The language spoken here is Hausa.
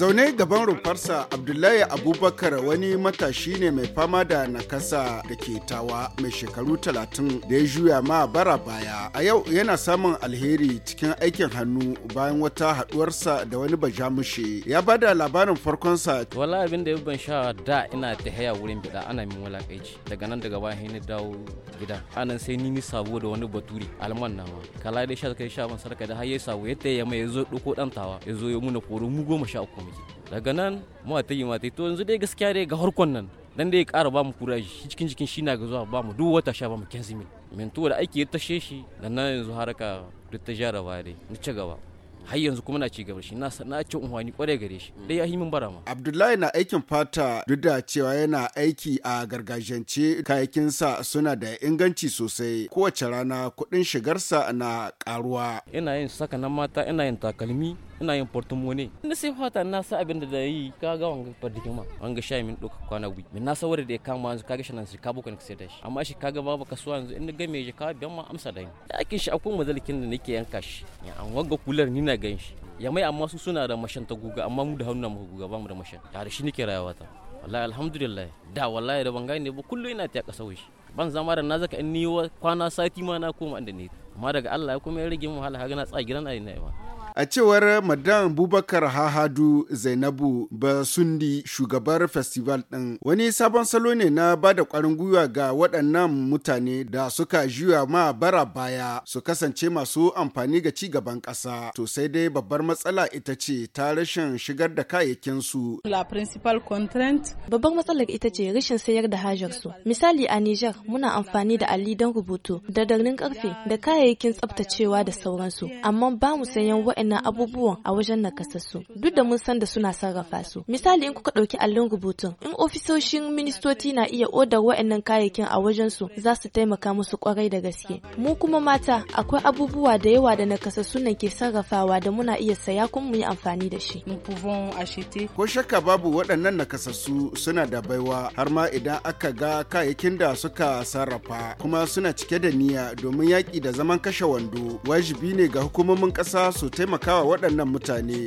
zaune gaban rufarsa abdullahi abubakar wani matashi ne mai fama da nakasa da ke tawa mai shekaru 30 da ya juya ma bara baya a yau yana samun alheri cikin aikin hannu bayan wata haduwarsa da wani bajamushe ya ba da labarin farkonsa wala abin da ban sha da ina ta haya wurin bida ana min walakaici daga nan daga bayan ni dawo gida anan sai ni ni sabo da wani baturi alman nawa kala da sha kai sha sarka da har ya sabo yadda ya mai ya zo dan tawa ya zo ya muna koro mu goma sha uku muke daga nan mu ta yi mata to yanzu dai gaskiya dai ga harkon nan dan dai ƙara ba mu kuraji cikin cikin shi na ga zuwa ba mu duk wata sha ba mu kenzi mil mintu da ake tashe shi dan nan yanzu haraka duk ta jara ba dai ni ci gaba har yanzu kuma na ci gaba shi na ci unhwani kwarai gare shi dai ya himin bara ma abdullahi na aikin fata duk da cewa yana aiki a gargajiyance kayakinsa suna da inganci sosai kowace rana kuɗin shigarsa na karuwa ina yin saka na mata ina yin takalmi ina yin mone. inda sai fata na sa abin da da yi ka ga wanga dikin ma wanga ga shayi min doka kwana gwi min na sawar da ya kama yanzu kaga shi nan shi ka bukan sai da shi amma shi kaga babu kasuwa yanzu in ga me ka biyan ma amsa da ni yakin shi akwai mazalikin da nake yanka shi an wanga kular ni na gan shi ya mai amma su suna da mashan ta guga amma mu da hannu na mu guga ba mu da mashan ya da shi nake rayuwa ta wallahi alhamdulillah da wallahi da ban ne ba kullu ina ta kasa wuce ban zama da na zaka in ni kwana sati ma na koma inda ne amma daga Allah ya kuma ya rage mu hala haga na tsa gidan ayi na yawa A cewar Madan Bubakar Hahadu Zainabu Basundi shugabar festival ɗin wani sabon salo ne na ba da ƙwarin gwiwa ga waɗannan mutane da suka juya ma bara baya su kasance masu amfani ga ci gaban ƙasa. To sai dai babbar matsala ita ce ta rashin shigar da kayayyakinsu. La principal constraint. Babbar matsalar ita ce rashin sayar da hajarsu. Misali a Nijar muna amfani da alli don rubutu da darnin karfe da kayayyakin tsaftacewa da sauransu amma ba mu sayan wa'annan abubuwan a wajen nakasassu duk da mun san da suna sarrafa su. Misali in kuka ɗauki allon rubutun in ofisoshin ministoci na iya odar wa'annan kayayyakin a wajen su za su taimaka musu kwarai da gaske. Mu kuma mata akwai abubuwa da yawa da nakasassu na ke sarrafawa da muna iya saya kuma mu yi amfani da shi. Ko shakka babu waɗannan nakasassu suna da baiwa har ma idan aka ga kayayyakin da suka sarrafa kuma suna cike da niyya domin yaƙi da zaman kashe wando wajibi ne ga hukumomin ƙasa su taimaka taimakawa waɗannan mutane